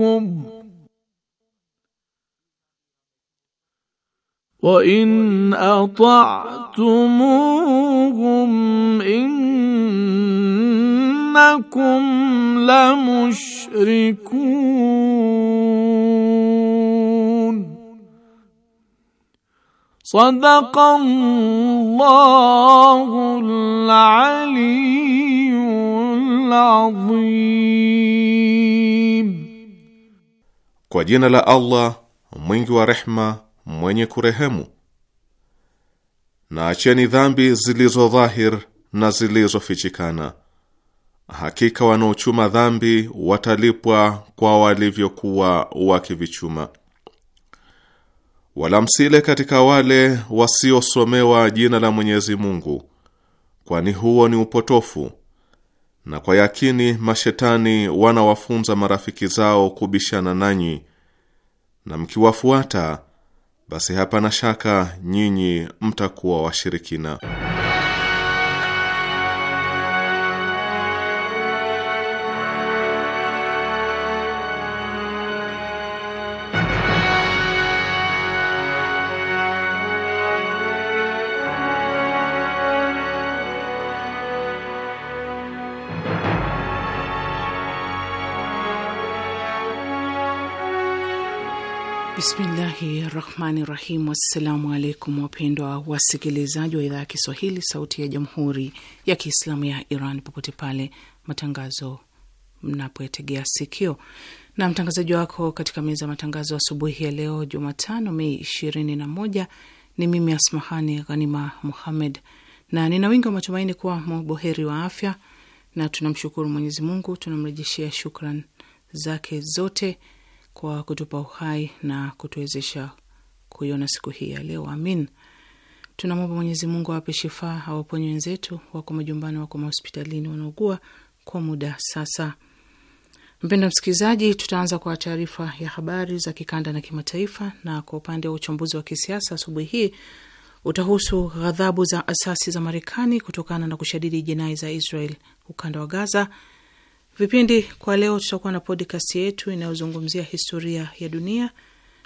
ربكم وإن أطعتموهم إنكم لمشركون صدق الله العلي العظيم Kwa jina la Allah mwingi wa rehma, mwenye kurehemu. Na acheni dhambi zilizo dhahir na zilizofichikana. Hakika wanaochuma dhambi watalipwa kwa walivyokuwa wakivichuma. Wala msile katika wale wasiosomewa jina la Mwenyezi Mungu, kwani huo ni upotofu. Na kwa yakini mashetani wanawafunza marafiki zao kubishana nanyi na mkiwafuata, basi hapana shaka nyinyi mtakuwa washirikina. rahmani rahim. Assalamu alaikum wapendwa wasikilizaji wa idhaa ya Kiswahili sauti ya jamhuri ya Kiislamu ya Iran popote pale matangazo mnapoyategea sikio, na mtangazaji wako katika meza ya matangazo asubuhi ya leo Jumatano Mei ishirini na moja ni mimi Asmahani Ghanima Muhammed, na nina wingi wa matumaini kuwa mboheri wa afya, na tunamshukuru Mwenyezi Mungu, tunamrejeshea shukran zake zote kwa kutupa uhai na kutuwezesha kuiona siku hii ya leo. Amin. Tunamwomba Mwenyezi Mungu awape shifaa, awaponye wenzetu wako majumbani, wako mahospitalini, wanaugua kwa muda sasa. Mpendo msikilizaji, tutaanza kwa taarifa ya habari za kikanda na kimataifa, na kwa upande wa uchambuzi wa kisiasa asubuhi hii utahusu ghadhabu za asasi za Marekani kutokana na kushadidi jinai za Israel ukanda wa Gaza vipindi kwa leo. Tutakuwa na podcast yetu inayozungumzia historia ya dunia,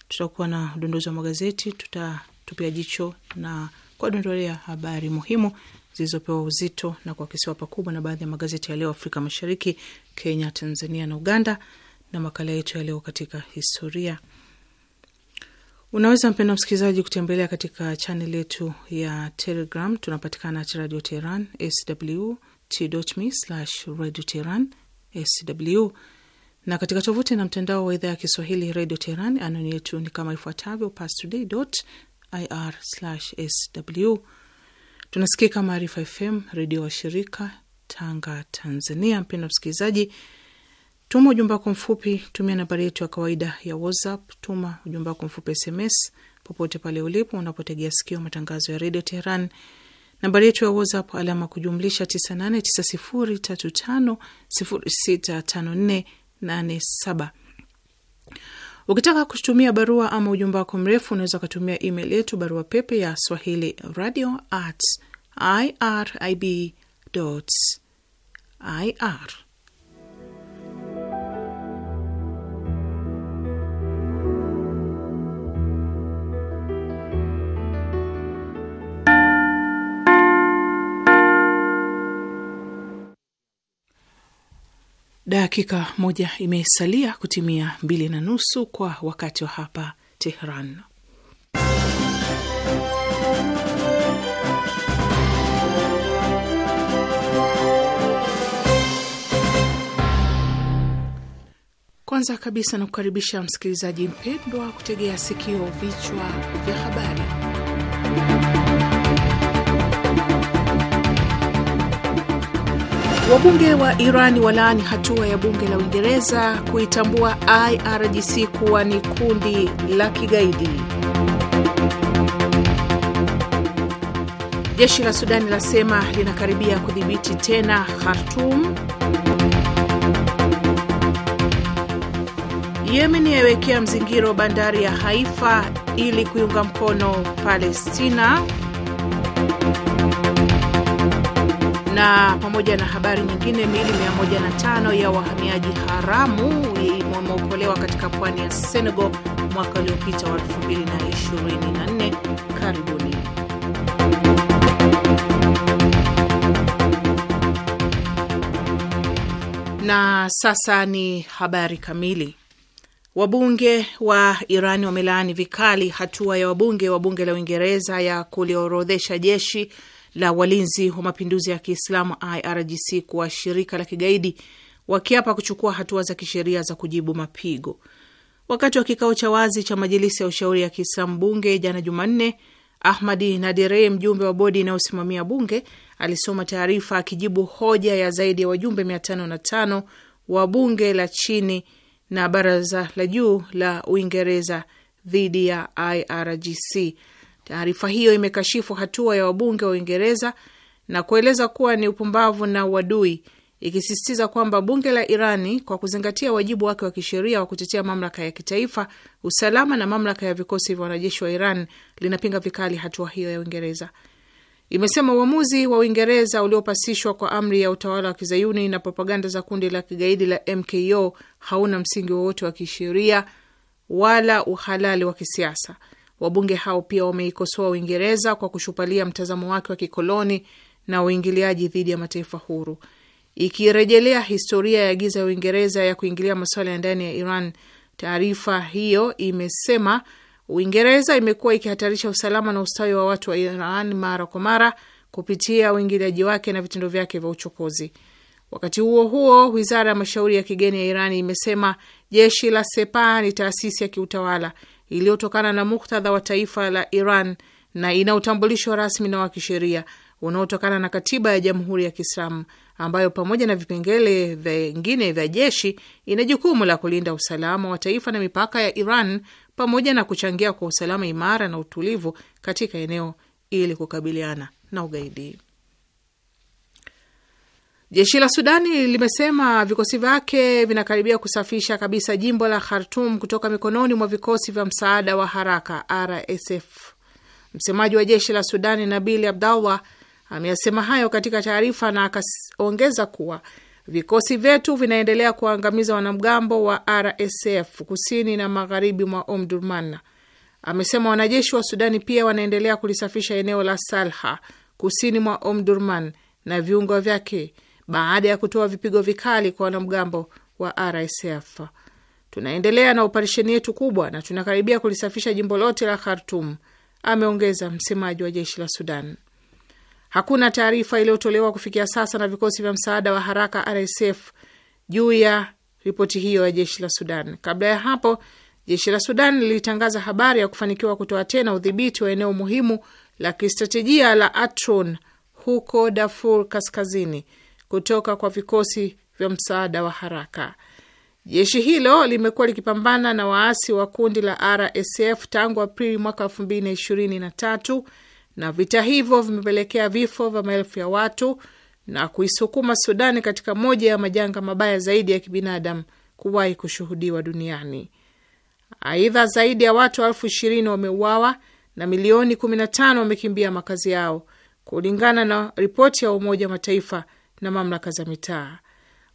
tutakuwa na udondozi wa magazeti, tutatupia jicho na kuwadondolea habari muhimu zilizopewa uzito na kuakisiwa pakubwa na baadhi ya magazeti ya leo Afrika Mashariki, Kenya, Tanzania na Uganda, na makala yetu ya leo katika historia. Unaweza mpenda msikilizaji kutembelea katika chaneli yetu ya Telegram, tunapatikana at Radio Teheran sw t.me sw na katika tovuti na mtandao wa idhaa ya Kiswahili redio Teheran. Anwani yetu ni kama ifuatavyo: pastoday.ir/sw. Tunasikika Maarifa FM redio wa shirika Tanga, Tanzania. Mpendwa msikilizaji, tuma ujumbe wako mfupi, tumia nambari yetu ya kawaida ya WhatsApp. Tuma ujumbe wako mfupi SMS popote pale ulipo unapotegea sikio matangazo ya redio Teheran Nambari yetu ya WhatsApp alama kujumlisha 989035065487. Ukitaka kutumia barua ama ujumbe wako mrefu unaweza ukatumia email yetu barua pepe ya swahili radio at irib ir Dakika moja imesalia kutimia mbili na nusu kwa wakati wa hapa Tehran. Kwanza kabisa na kukaribisha msikilizaji mpendwa kutegea sikio vichwa vya habari. Wabunge wa Iran walaani hatua ya bunge la Uingereza kuitambua IRGC kuwa ni kundi la kigaidi. Jeshi la Sudani lasema linakaribia kudhibiti tena khartum Yemen yaiwekea mzingiro bandari ya Haifa ili kuiunga mkono Palestina. na pamoja na habari nyingine, miili 105 ya wahamiaji haramu imeokolewa katika pwani ya Senegal mwaka uliopita wa 2024. Karibuni. Na sasa ni habari kamili. Wabunge wa iran wamelaani vikali hatua ya wabunge wa bunge la Uingereza ya kuliorodhesha jeshi la walinzi wa mapinduzi ya Kiislamu IRGC kuwa shirika la kigaidi, wakiapa kuchukua hatua za kisheria za kujibu mapigo. Wakati wa kikao cha wazi cha majilisi ya ushauri ya Kiislamu bunge jana Jumanne, Ahmadi Nadere, mjumbe wa bodi inayosimamia bunge, alisoma taarifa akijibu hoja ya zaidi ya wajumbe 505 wa bunge la chini na baraza la juu la Uingereza dhidi ya IRGC Taarifa hiyo imekashifu hatua ya wabunge wa Uingereza na kueleza kuwa ni upumbavu na uadui, ikisisitiza kwamba bunge la Irani kwa kuzingatia wajibu wake wa kisheria wa kutetea mamlaka ya kitaifa, usalama na mamlaka ya vikosi vya wanajeshi wa Iran linapinga vikali hatua hiyo ya Uingereza. Imesema uamuzi wa Uingereza uliopasishwa kwa amri ya utawala wa kizayuni na propaganda za kundi la kigaidi la MKO hauna msingi wowote wa kisheria wala uhalali wa kisiasa. Wabunge hao pia wameikosoa Uingereza kwa kushupalia mtazamo wake wa kikoloni na uingiliaji dhidi ya mataifa huru, ikirejelea historia ya giza ya Uingereza ya kuingilia masuala ya ndani ya Iran. Taarifa hiyo imesema Uingereza imekuwa ikihatarisha usalama na ustawi wa watu wa Iran mara kwa mara kupitia uingiliaji wake na vitendo vyake vya uchokozi. Wakati huo huo, wizara ya mashauri ya kigeni ya Iran imesema jeshi la Sepa ni taasisi ya kiutawala iliyotokana na muktadha wa taifa la Iran na ina utambulisho rasmi na wa kisheria unaotokana na katiba ya Jamhuri ya Kiislamu ambayo pamoja na vipengele vingine vya jeshi ina jukumu la kulinda usalama wa taifa na mipaka ya Iran pamoja na kuchangia kwa usalama imara na utulivu katika eneo ili kukabiliana na ugaidi. Jeshi la Sudani limesema vikosi vyake vinakaribia kusafisha kabisa jimbo la Khartum kutoka mikononi mwa vikosi vya msaada wa haraka RSF. Msemaji wa jeshi la Sudani Nabil Abdallah ameyasema hayo katika taarifa na akaongeza kuwa vikosi vyetu vinaendelea kuwaangamiza wanamgambo wa RSF kusini na magharibi mwa Omdurman. Amesema wanajeshi wa Sudani pia wanaendelea kulisafisha eneo la Salha kusini mwa Omdurman na viungo vyake baada ya kutoa vipigo vikali kwa wanamgambo wa RSF. Tunaendelea na operesheni yetu kubwa na tunakaribia kulisafisha jimbo lote la Khartum, ameongeza msemaji wa jeshi la Sudan. Hakuna taarifa iliyotolewa kufikia sasa na vikosi vya msaada wa haraka RSF juu ya ripoti hiyo ya jeshi la Sudan. Kabla ya hapo, jeshi la Sudan lilitangaza habari ya kufanikiwa kutoa tena udhibiti wa eneo muhimu la kistratejia la Atron huko Darfur Kaskazini kutoka kwa vikosi vya msaada wa haraka. Jeshi hilo limekuwa likipambana na waasi wa kundi la RSF tangu Aprili mwaka 2023 na vita hivyo vimepelekea vifo vya maelfu ya watu na kuisukuma Sudani katika moja ya majanga mabaya zaidi ya kibinadamu kuwahi kushuhudiwa duniani. Aidha, zaidi ya watu elfu ishirini wameuawa na milioni 15 wamekimbia makazi yao kulingana na ripoti ya Umoja wa Mataifa na mamlaka za mitaa.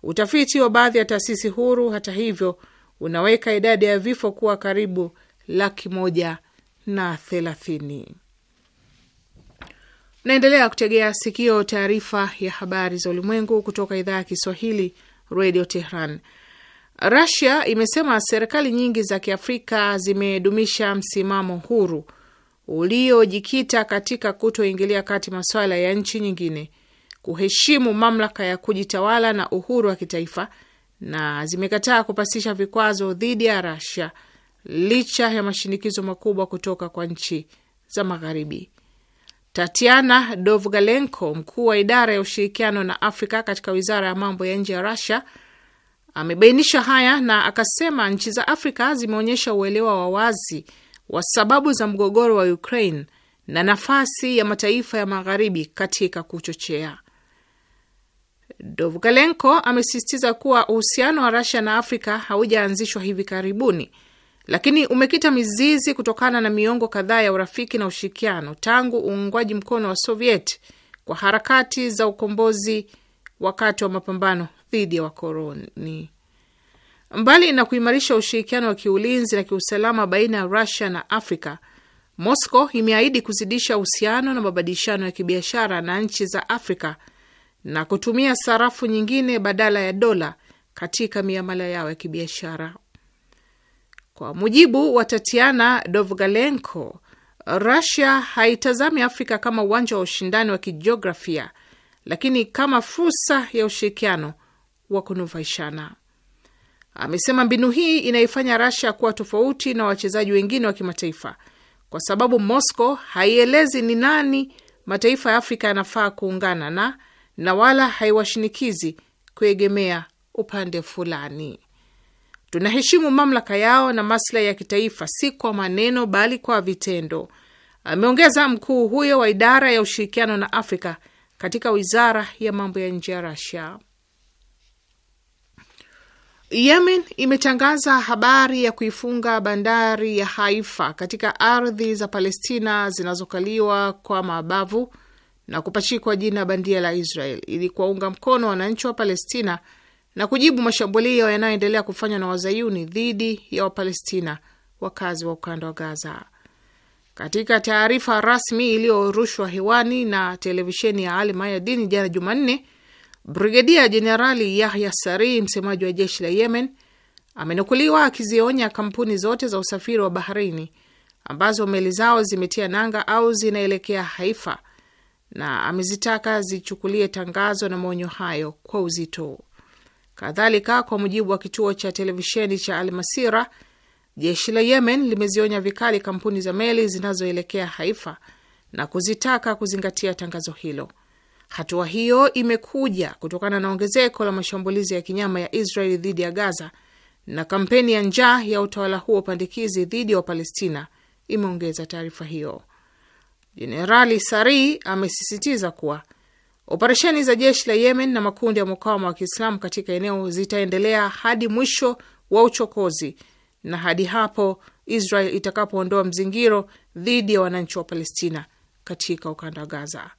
Utafiti wa baadhi ya taasisi huru, hata hivyo, unaweka idadi ya vifo kuwa karibu laki moja na thelathini. Naendelea kutegea sikio taarifa ya habari za ulimwengu kutoka idhaa ya Kiswahili, Radio Tehran. Rasia imesema serikali nyingi za Kiafrika zimedumisha msimamo huru uliojikita katika kutoingilia kati masuala ya nchi nyingine kuheshimu mamlaka ya kujitawala na uhuru wa kitaifa na zimekataa kupasisha vikwazo dhidi ya rasia licha ya mashinikizo makubwa kutoka kwa nchi za Magharibi. Tatiana Dovgalenko, mkuu wa idara ya ushirikiano na Afrika katika wizara ya mambo ya nje ya rasia amebainisha haya na akasema nchi za Afrika zimeonyesha uelewa wa wazi wa sababu za mgogoro wa Ukraine na nafasi ya mataifa ya Magharibi katika kuchochea Dovgalenko amesisitiza kuwa uhusiano wa rasia na Afrika haujaanzishwa hivi karibuni, lakini umekita mizizi kutokana na miongo kadhaa ya urafiki na ushirikiano tangu uungwaji mkono wa Soviet kwa harakati za ukombozi wakati wa mapambano dhidi ya wakoloni. Mbali na kuimarisha ushirikiano wa kiulinzi na kiusalama baina ya rusia na Afrika, Moscow imeahidi kuzidisha uhusiano na mabadilishano ya kibiashara na nchi za Afrika na kutumia sarafu nyingine badala ya dola katika miamala yao ya kibiashara. Kwa mujibu wa Tatiana Dovgalenko, Rusia haitazami Afrika kama uwanja wa ushindani wa kijiografia, lakini kama fursa ya ushirikiano wa kunufaishana. Amesema mbinu hii inaifanya Rusia kuwa tofauti na wachezaji wengine wa kimataifa kwa sababu Moscow haielezi ni nani mataifa ya Afrika yanafaa kuungana na na wala haiwashinikizi kuegemea upande fulani. Tunaheshimu mamlaka yao na maslahi ya kitaifa, si kwa maneno bali kwa vitendo, ameongeza mkuu huyo wa idara ya ushirikiano na Afrika katika wizara ya mambo ya nje ya Rasia. Yemen imetangaza habari ya kuifunga bandari ya Haifa katika ardhi za Palestina zinazokaliwa kwa mabavu na kupachikwa jina bandia la Israel ili kuwaunga mkono wananchi wa Palestina na kujibu mashambulio yanayoendelea kufanywa na wazayuni dhidi ya Wapalestina wakazi wa ukanda wa Gaza. Katika taarifa rasmi iliyorushwa hewani na televisheni ya Al Mayadini jana Jumanne, Brigedia Jenerali Yahya Sari, msemaji wa jeshi la Yemen, amenukuliwa akizionya kampuni zote za usafiri wa baharini ambazo meli zao zimetia nanga au zinaelekea Haifa na amezitaka zichukulie tangazo na maonyo hayo kwa uzito. Kadhalika, kwa mujibu wa kituo cha televisheni cha Almasira, jeshi la Yemen limezionya vikali kampuni za meli zinazoelekea Haifa na kuzitaka kuzingatia tangazo hilo. Hatua hiyo imekuja kutokana na ongezeko la mashambulizi ya kinyama ya israel dhidi ya Gaza na kampeni ya njaa ya utawala huo pandikizi dhidi ya Wapalestina, imeongeza taarifa hiyo. Jenerali Sari amesisitiza kuwa operesheni za jeshi la Yemen na makundi ya mukawama wa Kiislamu katika eneo zitaendelea hadi mwisho wa uchokozi na hadi hapo Israel itakapoondoa mzingiro dhidi ya wananchi wa Palestina katika ukanda wa Gaza.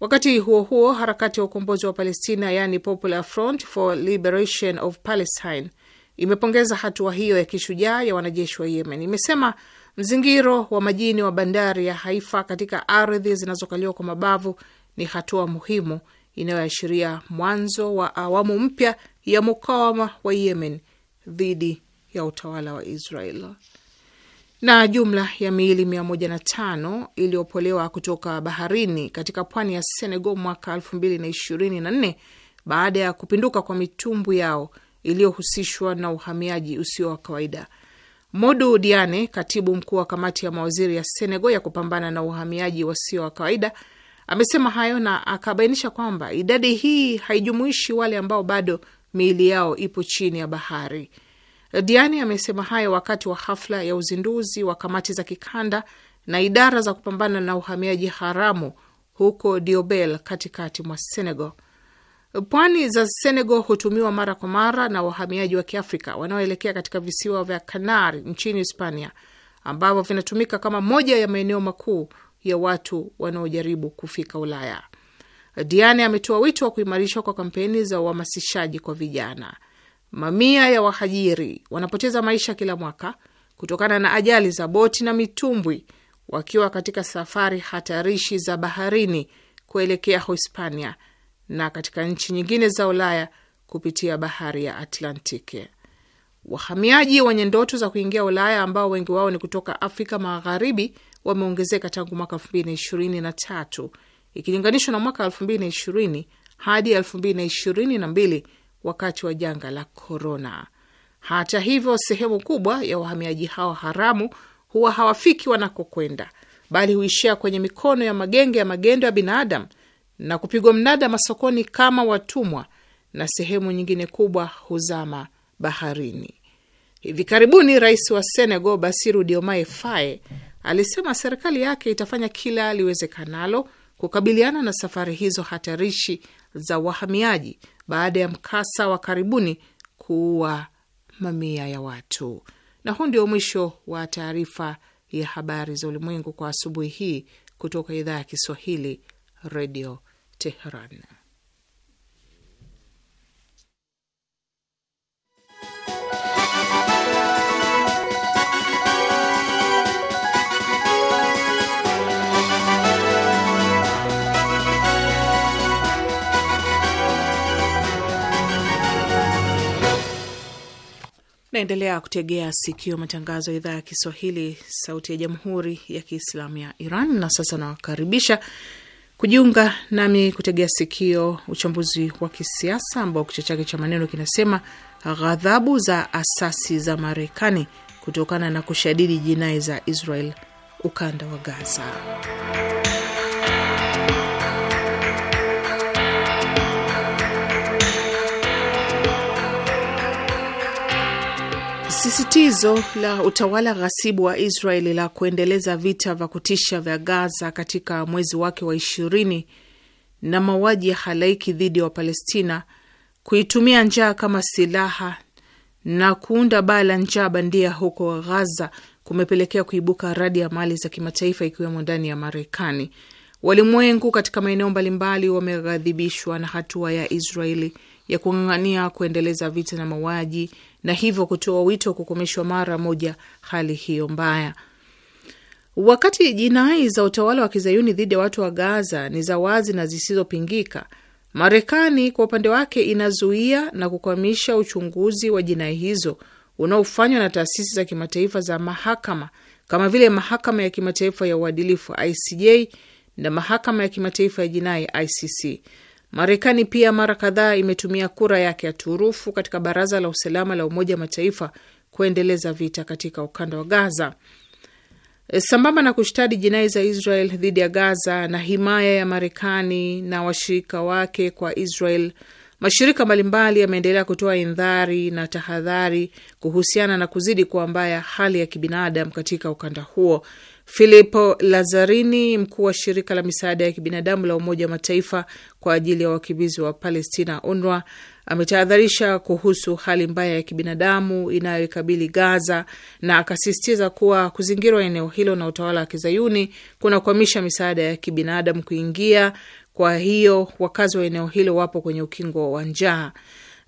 Wakati huo huo, harakati ya ukombozi wa Palestina yani Popular Front for Liberation of Palestine imepongeza hatua hiyo ya kishujaa ya wanajeshi wa Yemen. Imesema Mzingiro wa majini wa bandari ya Haifa katika ardhi zinazokaliwa kwa mabavu ni hatua muhimu inayoashiria mwanzo wa awamu mpya ya mukawama wa Yemen dhidi ya utawala wa Israel. Na jumla ya miili 105 iliyopolewa kutoka baharini katika pwani ya Senegal mwaka 2024 baada ya kupinduka kwa mitumbu yao iliyohusishwa na uhamiaji usio wa kawaida Modu Diane, katibu mkuu wa kamati ya mawaziri ya Senegal ya kupambana na uhamiaji wasio wa kawaida, amesema hayo na akabainisha kwamba idadi hii haijumuishi wale ambao bado miili yao ipo chini ya bahari. diani amesema hayo wakati wa hafla ya uzinduzi wa kamati za kikanda na idara za kupambana na uhamiaji haramu huko Diobel, katikati mwa Senegal. Pwani za Senegal hutumiwa mara kwa mara na wahamiaji wa Kiafrika wanaoelekea katika visiwa vya Kanari nchini Hispania, ambavyo vinatumika kama moja ya maeneo makuu ya watu wanaojaribu kufika Ulaya. Diane ametoa wito wa kuimarishwa kwa kampeni za uhamasishaji kwa vijana. Mamia ya wahajiri wanapoteza maisha kila mwaka kutokana na ajali za boti na mitumbwi wakiwa katika safari hatarishi za baharini kuelekea Hispania na katika nchi nyingine za Ulaya kupitia bahari ya Atlantiki. Wahamiaji wenye ndoto za kuingia Ulaya ambao wengi wao ni kutoka Afrika Magharibi wameongezeka tangu mwaka tatu ikilinganishwa na mwaka ishirini hadi mbili wakati wa janga la korona. Hata hivyo, sehemu kubwa ya wahamiaji hao haramu huwa hawafiki wanakokwenda, bali huishia kwenye mikono ya magenge ya magendo ya binadamu na kupigwa mnada masokoni kama watumwa na sehemu nyingine kubwa huzama baharini. Hivi karibuni rais wa Senegal Basiru Diomaye Faye alisema serikali yake itafanya kila liwezekanalo kukabiliana na safari hizo hatarishi za wahamiaji baada ya mkasa wa karibuni kuua mamia ya watu. Na huu ndio mwisho wa taarifa ya habari za ulimwengu kwa asubuhi hii kutoka idhaa ya Kiswahili, Redio Tehran. Naendelea kutegea sikio matangazo ya idhaa ya Kiswahili, sauti ya jamhuri ya kiislamu ya Iran. Na sasa nawakaribisha kujiunga nami kutegea sikio uchambuzi wa kisiasa ambao kichwa chake cha maneno kinasema ghadhabu za asasi za Marekani kutokana na kushadidi jinai za Israel ukanda wa Gaza. Sisitizo la utawala ghasibu wa Israeli la kuendeleza vita vya kutisha vya Gaza katika mwezi wake wa ishirini na mauaji ya halaiki dhidi ya Wapalestina, kuitumia njaa kama silaha na kuunda baa la njaa bandia huko Ghaza kumepelekea kuibuka radi ya mali za kimataifa ikiwemo ndani ya Marekani. Walimwengu katika maeneo mbalimbali wameghadhibishwa na hatua ya Israeli ya kung'ang'ania kuendeleza vita na mauaji na hivyo kutoa wito kukomeshwa mara moja hali hiyo mbaya. Wakati jinai za utawala wa kizayuni dhidi ya watu wa Gaza ni za wazi na zisizopingika, Marekani kwa upande wake inazuia na kukwamisha uchunguzi wa jinai hizo unaofanywa na taasisi za kimataifa za mahakama kama vile mahakama ya kimataifa ya uadilifu ICJ na mahakama ya kimataifa ya jinai ICC. Marekani pia mara kadhaa imetumia kura yake ya turufu katika Baraza la Usalama la Umoja Mataifa kuendeleza vita katika ukanda wa Gaza. E, sambamba na kushtadi jinai za Israel dhidi ya Gaza na himaya ya Marekani na washirika wake kwa Israel, mashirika mbalimbali yameendelea kutoa indhari na tahadhari kuhusiana na kuzidi kuwa mbaya hali ya kibinadamu katika ukanda huo Filipo Lazarini, mkuu wa shirika la misaada ya kibinadamu la Umoja wa Mataifa kwa ajili ya wakimbizi wa Palestina, UNRWA, ametahadharisha kuhusu hali mbaya ya kibinadamu inayoikabili Gaza na akasisitiza kuwa kuzingirwa eneo hilo na utawala wa kizayuni kunakwamisha misaada ya kibinadamu kuingia. Kwa hiyo wakazi wa eneo hilo wapo kwenye ukingo wa njaa.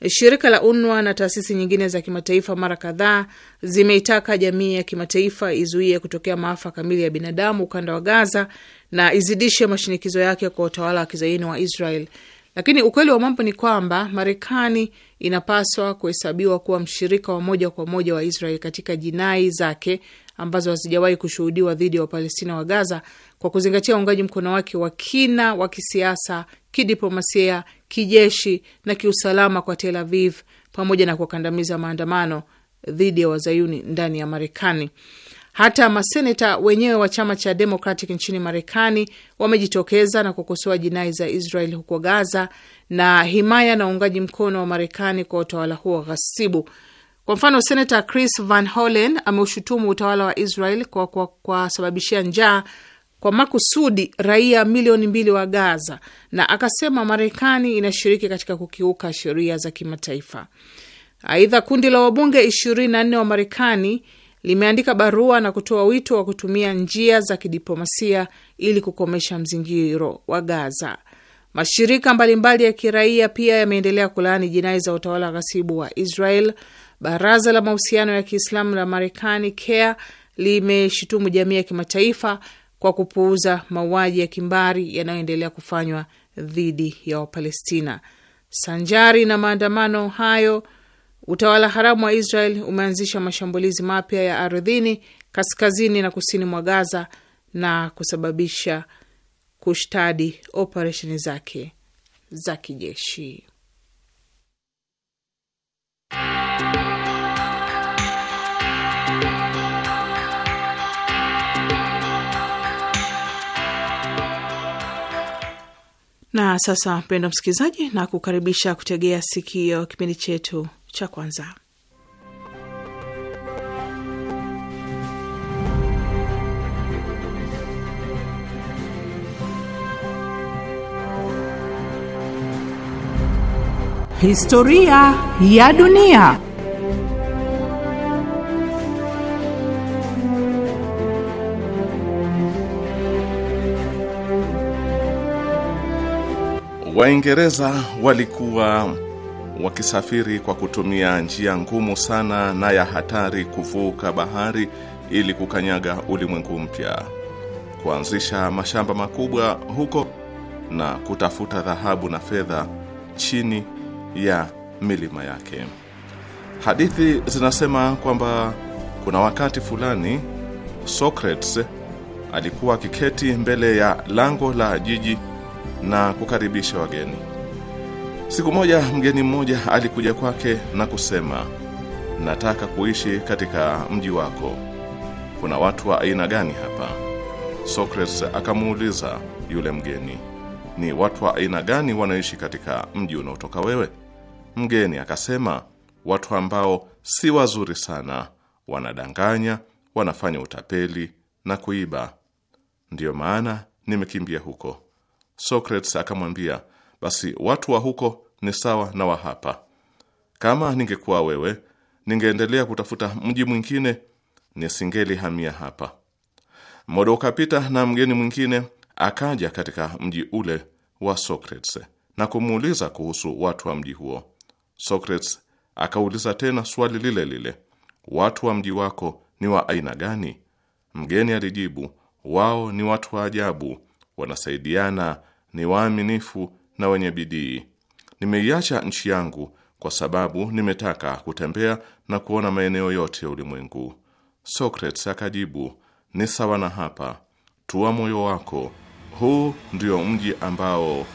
Shirika la UNWA na taasisi nyingine za kimataifa mara kadhaa zimeitaka jamii ya kimataifa izuie kutokea maafa kamili ya binadamu ukanda wa Gaza na izidishe mashinikizo yake kwa utawala wa kizaini wa Israel. Lakini ukweli wa mambo ni kwamba Marekani inapaswa kuhesabiwa kuwa mshirika wa moja kwa moja wa Israel katika jinai zake ambazo hazijawahi kushuhudiwa dhidi ya Wapalestina wa Gaza, kwa kuzingatia uungaji mkono wake wa kina wa kisiasa kidiplomasia, kijeshi na kiusalama kwa Tel Aviv pamoja na kukandamiza maandamano dhidi ya wazayuni ndani ya Marekani. Hata maseneta wenyewe wa chama cha Democratic nchini Marekani wamejitokeza na kukosoa jinai za Israel huko Gaza na himaya na uungaji mkono wa Marekani kwa utawala huo ghasibu. Kwa mfano, senata Chris Van Hollen ameushutumu utawala wa Israel kwa kuwasababishia njaa kwa makusudi raia milioni mbili wa Gaza na akasema Marekani inashiriki katika kukiuka sheria za kimataifa. Aidha, kundi la wabunge 24 wa Marekani limeandika barua na kutoa wito wa kutumia njia za kidiplomasia ili kukomesha mzingiro wa Gaza. Mashirika mbalimbali ya kiraia pia yameendelea kulaani jinai za utawala ghasibu wa Israel. Baraza la mahusiano ya Kiislamu la Marekani, CARE, limeshutumu jamii ya kimataifa kwa kupuuza mauaji ya kimbari yanayoendelea kufanywa dhidi ya Wapalestina. Sanjari na maandamano hayo, utawala haramu wa Israel umeanzisha mashambulizi mapya ya ardhini kaskazini na kusini mwa Gaza na kusababisha kushtadi operesheni zake za kijeshi. Na sasa, mpendo msikilizaji, na kukaribisha kutegea sikio kipindi chetu cha kwanza Historia ya dunia. Waingereza walikuwa wakisafiri kwa kutumia njia ngumu sana na ya hatari kuvuka bahari ili kukanyaga ulimwengu mpya, kuanzisha mashamba makubwa huko na kutafuta dhahabu na fedha chini ya milima yake. Hadithi zinasema kwamba kuna wakati fulani Socrates alikuwa akiketi mbele ya lango la jiji na kukaribisha wageni. Siku moja mgeni mmoja alikuja kwake na kusema, nataka kuishi katika mji wako. Kuna watu wa aina gani hapa? Socrates akamuuliza yule mgeni, ni watu wa aina gani wanaishi katika mji unaotoka wewe? Mgeni akasema, watu ambao si wazuri sana, wanadanganya, wanafanya utapeli na kuiba. Ndiyo maana nimekimbia huko. Socrates akamwambia, basi watu wa huko ni sawa na wa hapa. Kama ningekuwa wewe, ningeendelea kutafuta mji mwingine, nisingelihamia hapa. Muda ukapita na mgeni mwingine akaja katika mji ule wa Socrates na kumuuliza kuhusu watu wa mji huo. Socrates akauliza tena swali lile lile, watu wa mji wako ni wa aina gani? Mgeni alijibu, wao ni watu wa ajabu, wanasaidiana ni waaminifu na wenye bidii. Nimeiacha nchi yangu kwa sababu nimetaka kutembea na kuona maeneo yote ya ulimwengu. Socrates akajibu, ni sawa na hapa. Tua moyo wako, huu ndio mji ambao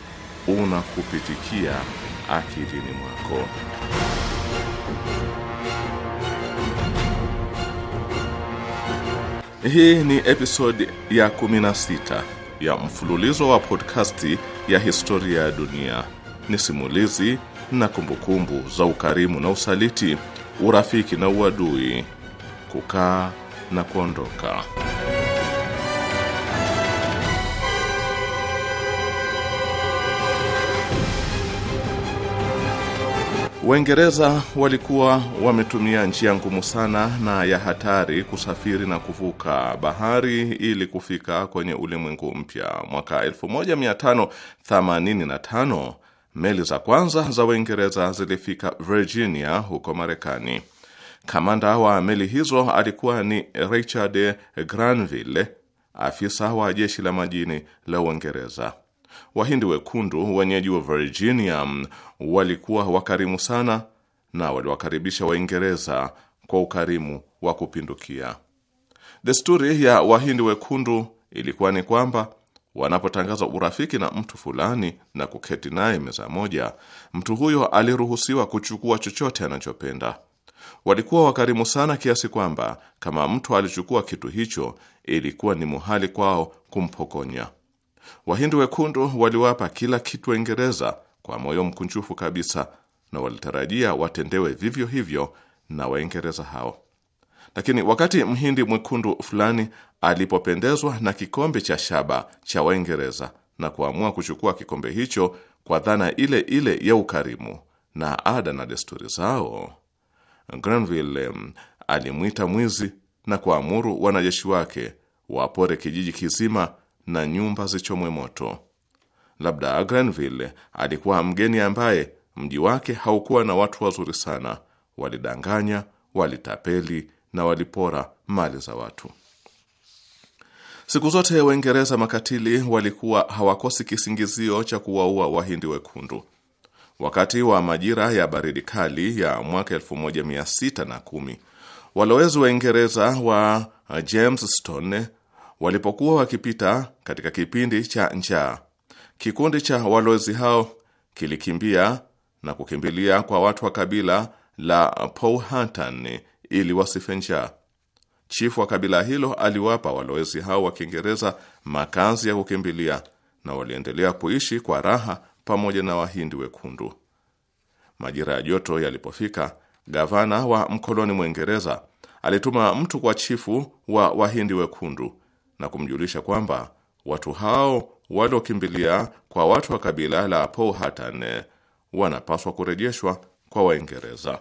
unakupitikia akilini mwako. Hii ni episodi ya 16 ya mfululizo wa podkasti ya historia ya dunia. Ni simulizi na kumbukumbu za ukarimu na usaliti, urafiki na uadui, kukaa na kuondoka. Waingereza walikuwa wametumia njia ngumu sana na ya hatari kusafiri na kuvuka bahari ili kufika kwenye ulimwengu mpya. Mwaka 1585 meli za kwanza za Waingereza zilifika Virginia huko Marekani. Kamanda wa meli hizo alikuwa ni Richard Granville, afisa wa jeshi la majini la Uingereza. Wahindi wekundu wenyeji wa Virginia mm, walikuwa wakarimu sana na waliwakaribisha Waingereza kwa ukarimu wa kupindukia. Desturi ya Wahindi wekundu ilikuwa ni kwamba wanapotangaza urafiki na mtu fulani na kuketi naye meza moja, mtu huyo aliruhusiwa kuchukua chochote anachopenda. Walikuwa wakarimu sana kiasi kwamba kama mtu alichukua kitu hicho, ilikuwa ni muhali kwao kumpokonya. Wahindi wekundu waliwapa kila kitu Waingereza kwa moyo mkunjufu kabisa, na walitarajia watendewe vivyo hivyo na Waingereza hao. Lakini wakati mhindi mwekundu fulani alipopendezwa na kikombe cha shaba cha Waingereza na kuamua kuchukua kikombe hicho kwa dhana ile ile ya ukarimu na ada na desturi zao, Granville alimwita mwizi na kuamuru wanajeshi wake wapore kijiji kizima na nyumba zichomwe moto. Labda Granville alikuwa mgeni ambaye mji wake haukuwa na watu wazuri sana. Walidanganya, walitapeli na walipora mali za watu. Siku zote Waingereza makatili walikuwa hawakosi kisingizio cha kuwaua Wahindi wekundu. Wakati wa majira ya baridi kali ya mwaka kumi, walowezi Waingereza wa james Stone walipokuwa wakipita katika kipindi cha njaa. Kikundi cha walowezi hao kilikimbia na kukimbilia kwa watu wa kabila la Powhatan ili wasife njaa. Chifu wa kabila hilo aliwapa walowezi hao wa Kiingereza makazi ya kukimbilia na waliendelea kuishi kwa raha pamoja na Wahindi wekundu. Majira ya joto yalipofika, gavana wa mkoloni Mwingereza alituma mtu kwa chifu wa Wahindi wekundu na kumjulisha kwamba watu hao waliokimbilia kwa watu wa kabila la Powhatan wanapaswa kurejeshwa kwa Waingereza.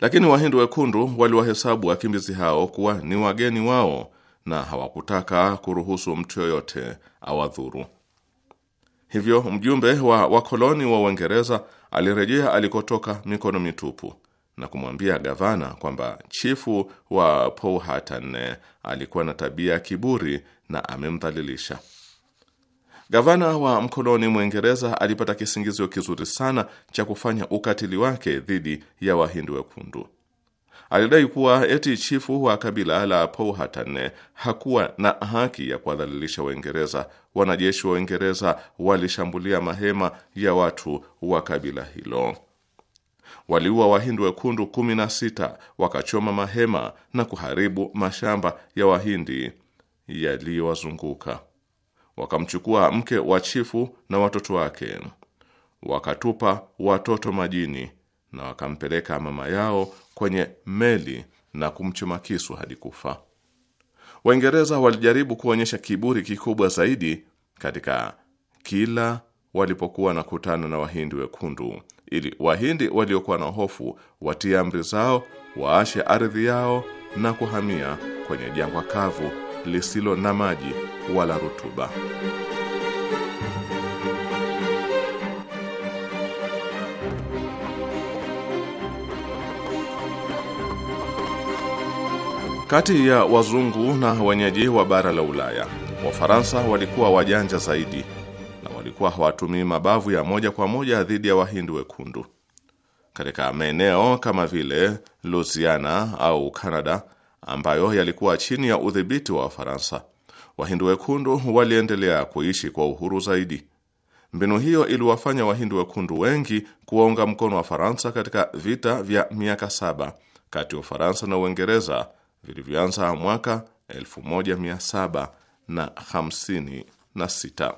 Lakini Wahindi wekundu waliwahesabu wakimbizi hao kuwa ni wageni wao na hawakutaka kuruhusu mtu yoyote awadhuru. Hivyo mjumbe wa wakoloni wa Uingereza alirejea alikotoka mikono mitupu na kumwambia gavana kwamba chifu wa Powhatan eh, alikuwa na tabia ya kiburi na amemdhalilisha. Gavana wa mkoloni Mwingereza alipata kisingizio kizuri sana cha kufanya ukatili wake dhidi ya Wahindi wekundu. Alidai kuwa eti chifu wa kabila la Powhatan eh, hakuwa na haki ya kuwadhalilisha Waingereza. Wanajeshi wa Uingereza walishambulia mahema ya watu wa kabila hilo waliua Wahindi wekundu kumi na sita, wakachoma mahema na kuharibu mashamba ya Wahindi yaliyowazunguka. Wakamchukua mke wa chifu na watoto wake, wakatupa watoto majini na wakampeleka mama yao kwenye meli na kumchoma kisu hadi kufa. Waingereza walijaribu kuonyesha kiburi kikubwa zaidi katika kila walipokuwa na kutana na Wahindi wekundu ili Wahindi waliokuwa na hofu watie amri zao, waashe ardhi yao na kuhamia kwenye jangwa kavu lisilo na maji wala rutuba. Kati ya wazungu na wenyeji wa bara la Ulaya, Wafaransa walikuwa wajanja zaidi walikuwa hawatumii mabavu ya moja kwa moja dhidi ya wahindi wekundu. Katika maeneo kama vile Louisiana au Canada ambayo yalikuwa chini ya udhibiti wa Wafaransa, wahindi wekundu waliendelea kuishi kwa uhuru zaidi. Mbinu hiyo iliwafanya wahindi wekundu wengi kuwaunga mkono wa Faransa katika vita vya miaka saba kati ya Ufaransa na Uingereza vilivyoanza mwaka 1756.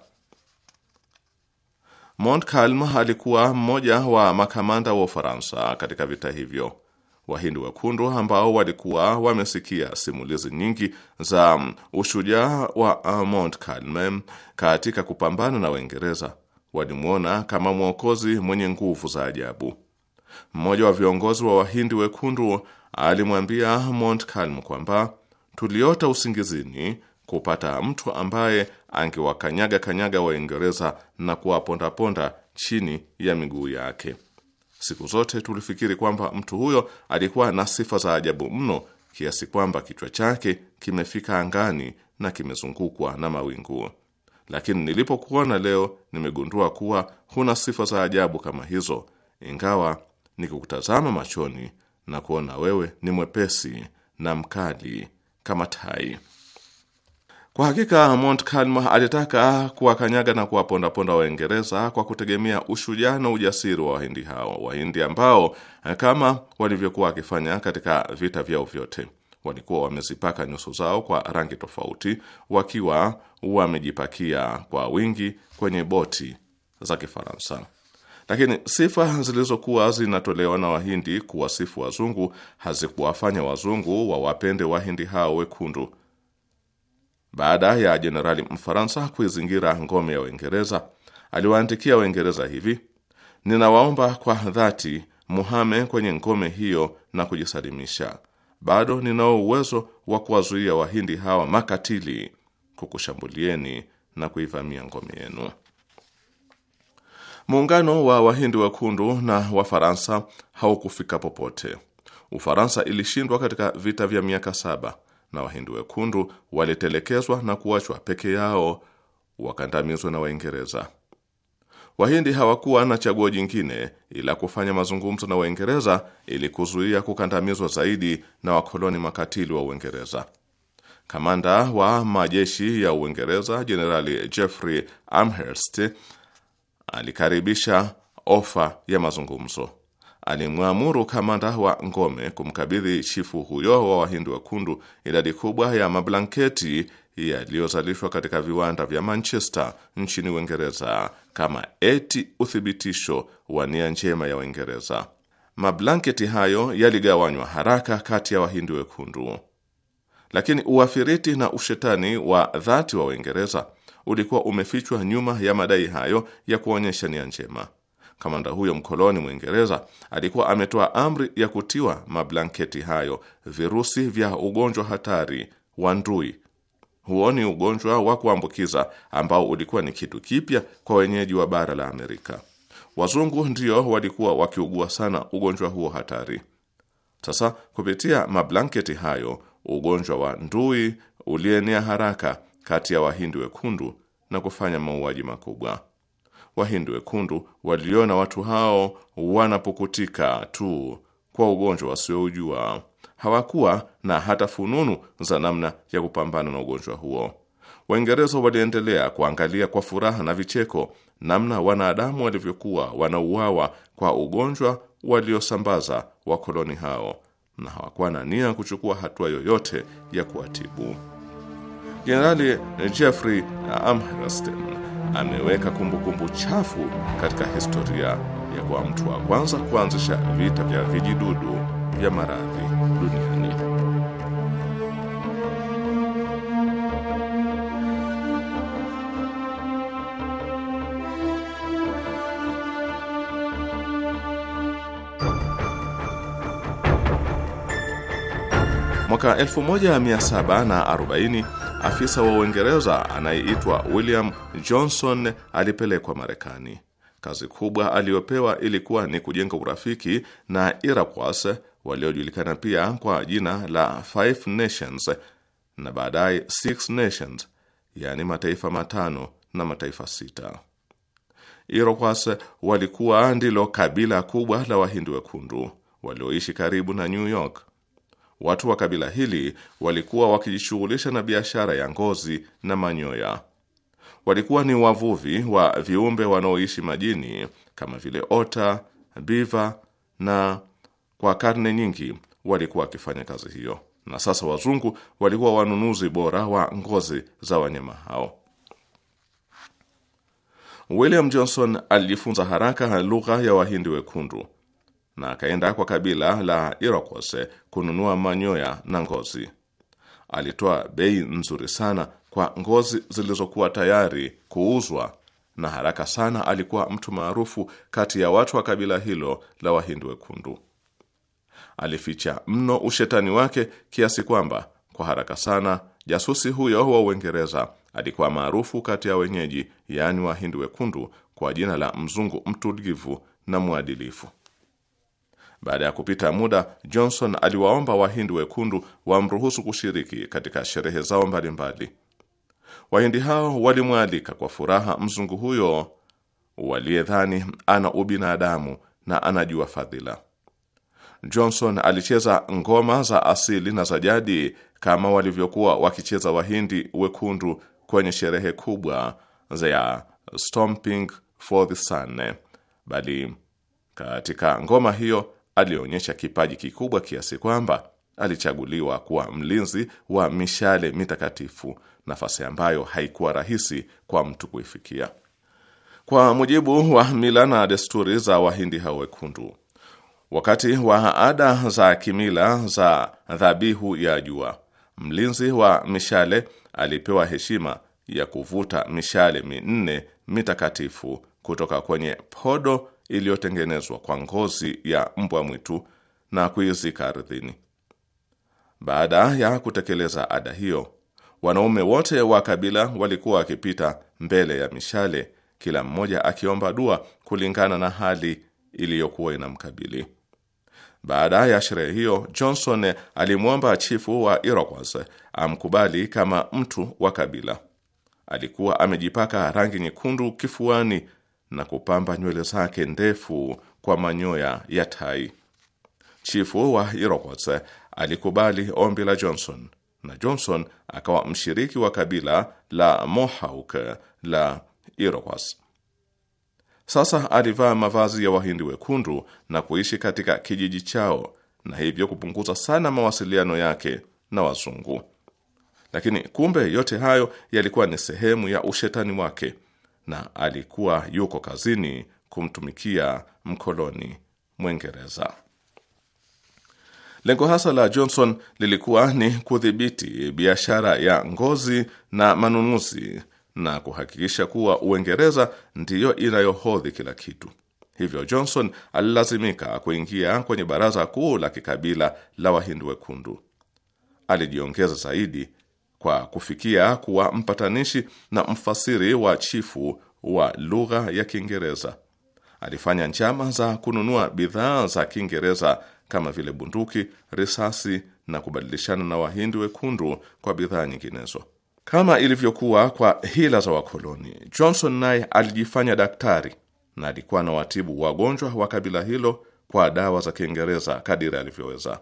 Montcalm alikuwa mmoja wa makamanda wa Ufaransa katika vita hivyo. Wahindi wekundu ambao walikuwa wamesikia simulizi nyingi za um, ushujaa wa uh, Montcalm katika kupambana na Waingereza walimwona kama mwokozi mwenye nguvu za ajabu. Mmoja wa viongozi wa Wahindi wekundu alimwambia Montcalm kwamba tuliota usingizini kupata mtu ambaye angewakanyaga kanyaga Waingereza na kuwapondaponda chini ya miguu yake. Siku zote tulifikiri kwamba mtu huyo alikuwa na sifa za ajabu mno kiasi kwamba kichwa chake kimefika angani na kimezungukwa na mawingu. Lakini nilipokuona leo, nimegundua kuwa huna sifa za ajabu kama hizo, ingawa nikikutazama machoni na kuona wewe ni mwepesi na mkali kama tai. Kwa hakika Montcalm alitaka kuwakanyaga na kuwapondaponda Waingereza kwa kutegemea ushujaa na ujasiri wa Wahindi hao, Wahindi ambao eh, kama walivyokuwa wakifanya katika vita vyao vyote walikuwa wamezipaka nyuso zao kwa rangi tofauti, wakiwa wamejipakia kwa wingi kwenye boti za Kifaransa. Lakini sifa zilizokuwa zinatolewa na Wahindi kuwasifu wazungu hazikuwafanya wazungu wawapende Wahindi hao wekundu baada ya jenerali Mfaransa kuizingira ngome ya Uingereza, aliwaandikia Waingereza hivi: ninawaomba kwa dhati muhame kwenye ngome hiyo na kujisalimisha. Bado ninao uwezo wa kuwazuia Wahindi hawa makatili kukushambulieni na kuivamia ngome yenu. Muungano wa Wahindi wekundu na Wafaransa haukufika popote. Ufaransa ilishindwa katika vita vya miaka saba na Wahindi wekundu walitelekezwa na kuachwa peke yao wakandamizwe na Waingereza. Wahindi hawakuwa na chaguo jingine ila kufanya mazungumzo na Waingereza ili kuzuia kukandamizwa zaidi na wakoloni makatili wa Uingereza. Kamanda wa majeshi ya Uingereza Jenerali Jeffrey Amherst alikaribisha ofa ya mazungumzo alimwamuru kamanda wa ngome kumkabidhi chifu huyo wa wahindi wekundu idadi kubwa ya mablanketi yaliyozalishwa katika viwanda vya Manchester nchini Uingereza kama eti uthibitisho wa nia njema ya Uingereza. Mablanketi hayo yaligawanywa haraka kati ya wahindi wekundu, lakini uafiriti na ushetani wa dhati wa Uingereza ulikuwa umefichwa nyuma ya madai hayo ya kuonyesha nia njema. Kamanda huyo mkoloni Mwingereza alikuwa ametoa amri ya kutiwa mablanketi hayo virusi vya ugonjwa hatari wa ndui. Huo ni ugonjwa wa kuambukiza ambao ulikuwa ni kitu kipya kwa wenyeji wa bara la Amerika. Wazungu ndio walikuwa wakiugua sana ugonjwa huo hatari. Sasa kupitia mablanketi hayo, ugonjwa wa ndui ulienea haraka kati ya wahindi wekundu na kufanya mauaji makubwa. Wahindi wekundu waliona watu hao wanapukutika tu kwa ugonjwa wasioujua. Hawakuwa na hata fununu za namna ya kupambana na ugonjwa huo. Waingereza waliendelea kuangalia kwa furaha na vicheko namna wanadamu walivyokuwa wanauawa kwa ugonjwa waliosambaza wakoloni hao, na hawakuwa na nia kuchukua hatua yoyote ya kuwatibu. Jenerali Jeffrey Amherst ameweka kumbukumbu chafu katika historia ya kuwa mtu wa kwanza kuanzisha vita vya vijidudu vya maradhi duniani. Mwaka 1740 afisa wa Uingereza anayeitwa William Johnson alipelekwa Marekani. Kazi kubwa aliyopewa ilikuwa ni kujenga urafiki na Iroquois waliojulikana pia kwa jina la Five Nations na baadaye Six Nations, yaani mataifa matano na mataifa sita. Iroquois walikuwa ndilo kabila kubwa la wahindi wekundu walioishi karibu na New York. Watu wa kabila hili walikuwa wakijishughulisha na biashara ya ngozi na manyoya. Walikuwa ni wavuvi wa viumbe wanaoishi majini kama vile ota, biva, na kwa karne nyingi walikuwa wakifanya kazi hiyo, na sasa wazungu walikuwa wanunuzi bora wa ngozi za wanyama hao. William Johnson alijifunza haraka lugha ya Wahindi wekundu na akaenda kwa kabila la Irokose kununua manyoya na ngozi. Alitoa bei nzuri sana kwa ngozi zilizokuwa tayari kuuzwa, na haraka sana alikuwa mtu maarufu kati ya watu wa kabila hilo la Wahindi wekundu. Alificha mno ushetani wake kiasi kwamba kwa haraka sana jasusi huyo wa Uingereza alikuwa maarufu kati ya wenyeji, yaani Wahindi wekundu, kwa jina la mzungu mtulivu na mwadilifu. Baada ya kupita muda, Johnson aliwaomba wahindi wekundu wamruhusu kushiriki katika sherehe zao mbalimbali. Wahindi hao walimwalika kwa furaha mzungu huyo waliyedhani ana ubinadamu na anajua fadhila. Johnson alicheza ngoma za asili na za jadi kama walivyokuwa wakicheza wahindi wekundu kwenye sherehe kubwa za Stomping for the Sun, bali katika ngoma hiyo alionyesha kipaji kikubwa kiasi kwamba alichaguliwa kuwa mlinzi wa mishale mitakatifu, nafasi ambayo haikuwa rahisi kwa mtu kuifikia. Kwa mujibu wa mila na desturi za Wahindi hao wekundu, wakati wa ada za kimila za dhabihu ya jua, mlinzi wa mishale alipewa heshima ya kuvuta mishale minne mitakatifu kutoka kwenye podo iliyotengenezwa kwa ngozi ya mbwa mwitu na kuizika ardhini. Baada ya kutekeleza ada hiyo, wanaume wote wa kabila walikuwa wakipita mbele ya mishale, kila mmoja akiomba dua kulingana na hali iliyokuwa inamkabili. Baada ya sherehe hiyo, Johnson alimwomba chifu wa Iroquois amkubali kama mtu wa kabila. Alikuwa amejipaka rangi nyekundu kifuani na kupamba nywele zake ndefu kwa manyoya ya tai. Chifu wa Iroquois alikubali ombi la Johnson na Johnson akawa mshiriki wa kabila la Mohawk la Iroquois. Sasa alivaa mavazi ya Wahindi wekundu na kuishi katika kijiji chao na hivyo kupunguza sana mawasiliano yake na wazungu. Lakini kumbe yote hayo yalikuwa ni sehemu ya ushetani wake na alikuwa yuko kazini kumtumikia mkoloni Mwingereza. Lengo hasa la Johnson lilikuwa ni kudhibiti biashara ya ngozi na manunuzi na kuhakikisha kuwa Uingereza ndiyo inayohodhi kila kitu. Hivyo Johnson alilazimika kuingia kwenye baraza kuu la kikabila la wahindi wekundu. Alijiongeza zaidi kwa kufikia kuwa mpatanishi na mfasiri wa chifu wa lugha ya Kiingereza. Alifanya njama za kununua bidhaa za Kiingereza kama vile bunduki, risasi na kubadilishana na Wahindi wekundu kwa bidhaa nyinginezo. Kama ilivyokuwa kwa hila za wakoloni, Johnson naye alijifanya daktari na alikuwa na watibu wagonjwa wa kabila hilo kwa dawa za Kiingereza kadiri alivyoweza.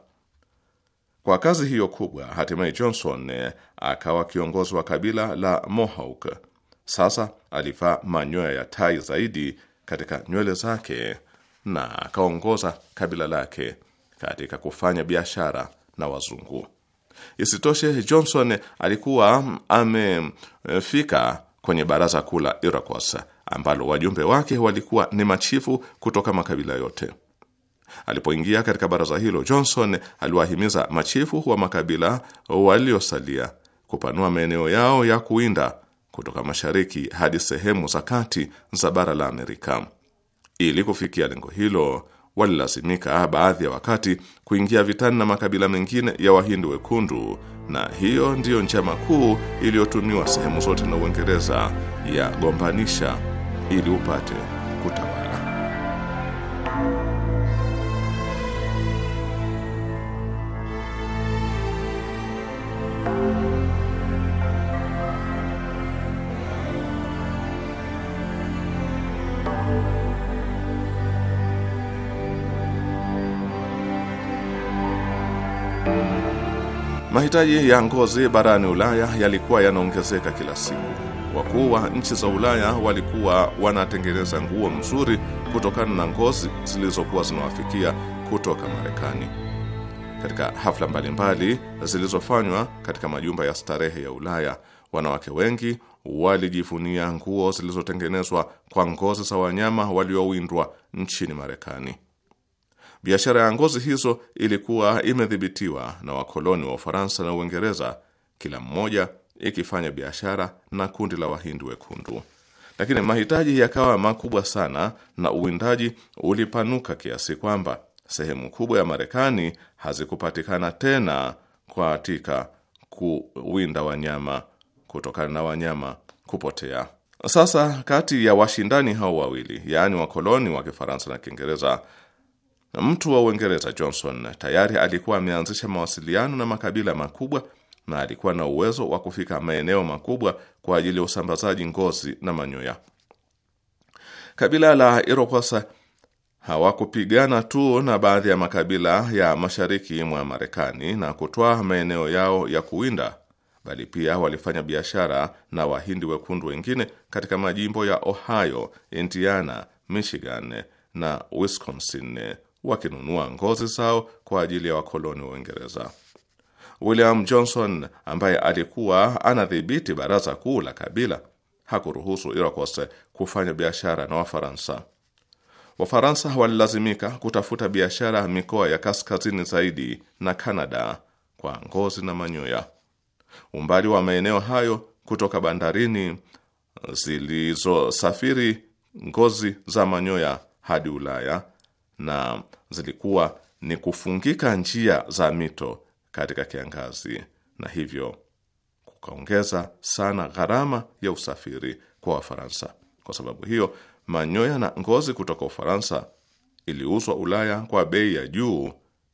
Kwa kazi hiyo kubwa, hatimaye Johnson eh, akawa kiongozi wa kabila la Mohawk. Sasa alivaa manyoya ya tai zaidi katika nywele zake na akaongoza kabila lake katika kufanya biashara na wazungu. Isitoshe, Johnson alikuwa mm, amefika kwenye baraza kuu la Iroquois ambalo wajumbe wake walikuwa ni machifu kutoka makabila yote. Alipoingia katika baraza hilo, Johnson aliwahimiza machifu wa makabila waliosalia kupanua maeneo yao ya kuinda kutoka mashariki hadi sehemu za kati za bara la Amerika. Ili kufikia lengo hilo, walilazimika baadhi ya wakati kuingia vitani na makabila mengine ya wahindi wekundu, na hiyo ndiyo njama kuu iliyotumiwa sehemu zote na Uingereza ya gombanisha ili upate kuta mahitaji ya ngozi barani Ulaya yalikuwa yanaongezeka kila siku. Wakuu wa nchi za Ulaya walikuwa wanatengeneza nguo mzuri kutokana na ngozi zilizokuwa zinawafikia kutoka Marekani. Katika hafla mbalimbali zilizofanywa katika majumba ya starehe ya Ulaya, wanawake wengi walijifunia nguo zilizotengenezwa kwa ngozi za wanyama waliowindwa nchini Marekani. Biashara ya ngozi hizo ilikuwa imedhibitiwa na wakoloni wa Ufaransa na Uingereza, kila mmoja ikifanya biashara na kundi la Wahindi wekundu. Lakini mahitaji yakawa makubwa sana na uwindaji ulipanuka kiasi kwamba sehemu kubwa ya Marekani hazikupatikana tena katika kuwinda wanyama kutokana na wanyama kupotea. Sasa kati ya washindani hao wawili, yaani wakoloni wa Kifaransa na Kiingereza Mtu wa Uingereza Johnson tayari alikuwa ameanzisha mawasiliano na makabila makubwa na alikuwa na uwezo wa kufika maeneo makubwa kwa ajili ya usambazaji ngozi na manyoya. Kabila la Iroquois hawakupigana tu na baadhi ya makabila ya mashariki mwa Marekani na kutoa maeneo yao ya kuwinda, bali pia walifanya biashara na wahindi wekundu wengine katika majimbo ya Ohio, Indiana, Michigan na Wisconsin wakinunua ngozi zao kwa ajili ya wakoloni wa Uingereza. William Johnson ambaye alikuwa anadhibiti baraza kuu la kabila hakuruhusu Iroquois kufanya biashara na Wafaransa. Wafaransa walilazimika kutafuta biashara mikoa ya kaskazini zaidi na Kanada kwa ngozi na manyoya. Umbali wa maeneo hayo kutoka bandarini zilizosafiri ngozi za manyoya hadi Ulaya na zilikuwa ni kufungika njia za mito katika kiangazi na hivyo kukaongeza sana gharama ya usafiri kwa Wafaransa. Kwa sababu hiyo, manyoya na ngozi kutoka Ufaransa iliuzwa Ulaya kwa bei ya juu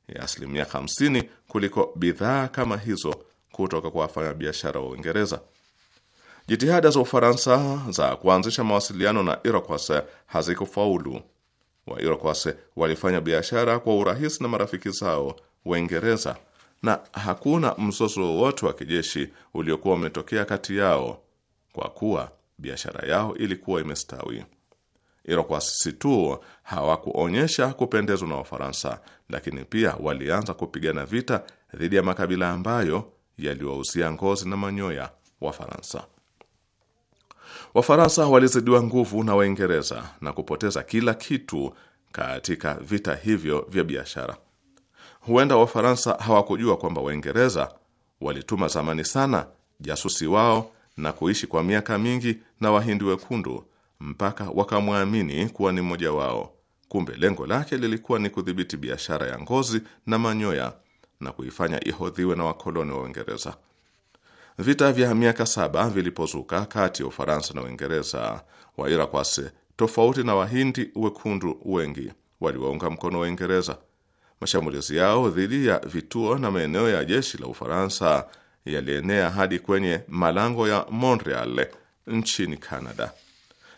ya asilimia 50 kuliko bidhaa kama hizo kutoka kwa wafanyabiashara wa Uingereza. Jitihada za Ufaransa za kuanzisha mawasiliano na Iroquois hazikufaulu wa Iroquois walifanya biashara kwa urahisi na marafiki zao Waingereza na hakuna mzozo wowote wa kijeshi uliokuwa umetokea kati yao kwa kuwa biashara yao ilikuwa imestawi. Iroquois si tu hawakuonyesha kupendezwa na Wafaransa, lakini pia walianza kupigana vita dhidi ya makabila ambayo yaliwauzia ngozi na manyoya Wafaransa. Wafaransa walizidiwa nguvu na Waingereza na kupoteza kila kitu katika vita hivyo vya biashara. Huenda Wafaransa hawakujua kwamba Waingereza walituma zamani sana jasusi wao na kuishi kwa miaka mingi na Wahindi wekundu mpaka wakamwamini kuwa ni mmoja wao. Kumbe lengo lake lilikuwa ni kudhibiti biashara ya ngozi na manyoya na kuifanya ihodhiwe na wakoloni wa Uingereza. Vita vya miaka saba vilipozuka kati ya Ufaransa na Uingereza, Wairakwase tofauti na Wahindi wekundu wengi waliwaunga mkono Waingereza. Mashambulizi yao dhidi ya vituo na maeneo ya jeshi la Ufaransa yalienea hadi kwenye malango ya Montreal nchini Canada.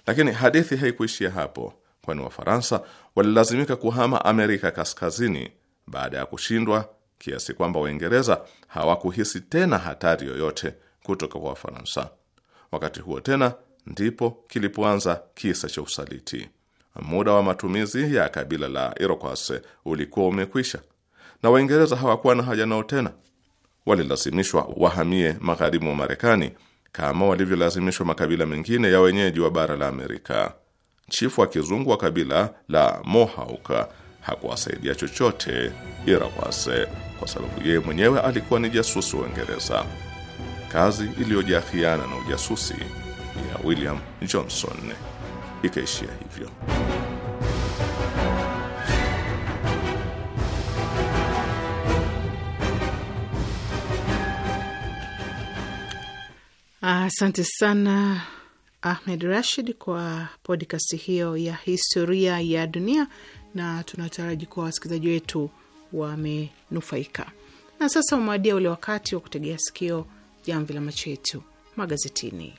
Lakini hadithi haikuishia hapo, kwani Wafaransa walilazimika kuhama Amerika Kaskazini baada ya kushindwa kiasi kwamba Waingereza hawakuhisi tena hatari yoyote kutoka kwa Wafaransa. Wakati huo tena ndipo kilipoanza kisa cha usaliti. Muda wa matumizi ya kabila la Iroquois ulikuwa umekwisha na Waingereza hawakuwa na haja nao tena. Walilazimishwa wahamie magharibi mwa Marekani kama walivyolazimishwa makabila mengine ya wenyeji wa bara la Amerika. Chifu wa kizungu wa kabila la Mohawk hakuwasaidia chochote Irawas kwa sababu yeye mwenyewe alikuwa ni jasusi wa Uingereza. Kazi iliyojaa khiana na ujasusi ya William Johnson ikaishia hivyo. Asante ah, sana Ahmed Rashid kwa podcast hiyo ya historia ya dunia na tunataraji kuwa wasikilizaji wetu wamenufaika. Na sasa umewadia ule wakati wa kutegea sikio jamvi la macho yetu magazetini.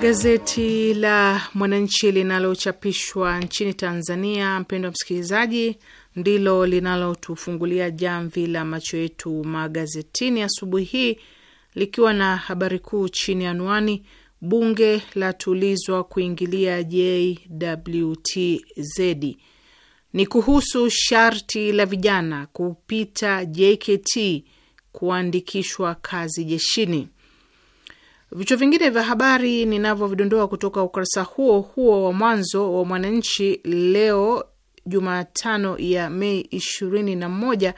Gazeti la Mwananchi linalochapishwa nchini Tanzania, mpendo wa msikilizaji, ndilo linalotufungulia jamvi la macho yetu magazetini asubuhi hii likiwa na habari kuu chini ya anwani bunge la tulizwa kuingilia JWTZ. Ni kuhusu sharti la vijana kupita JKT kuandikishwa kazi jeshini. Vichwa vingine vya habari ninavyovidondoa kutoka ukurasa huo huo wa mwanzo wa Mwananchi leo Jumatano ya Mei 21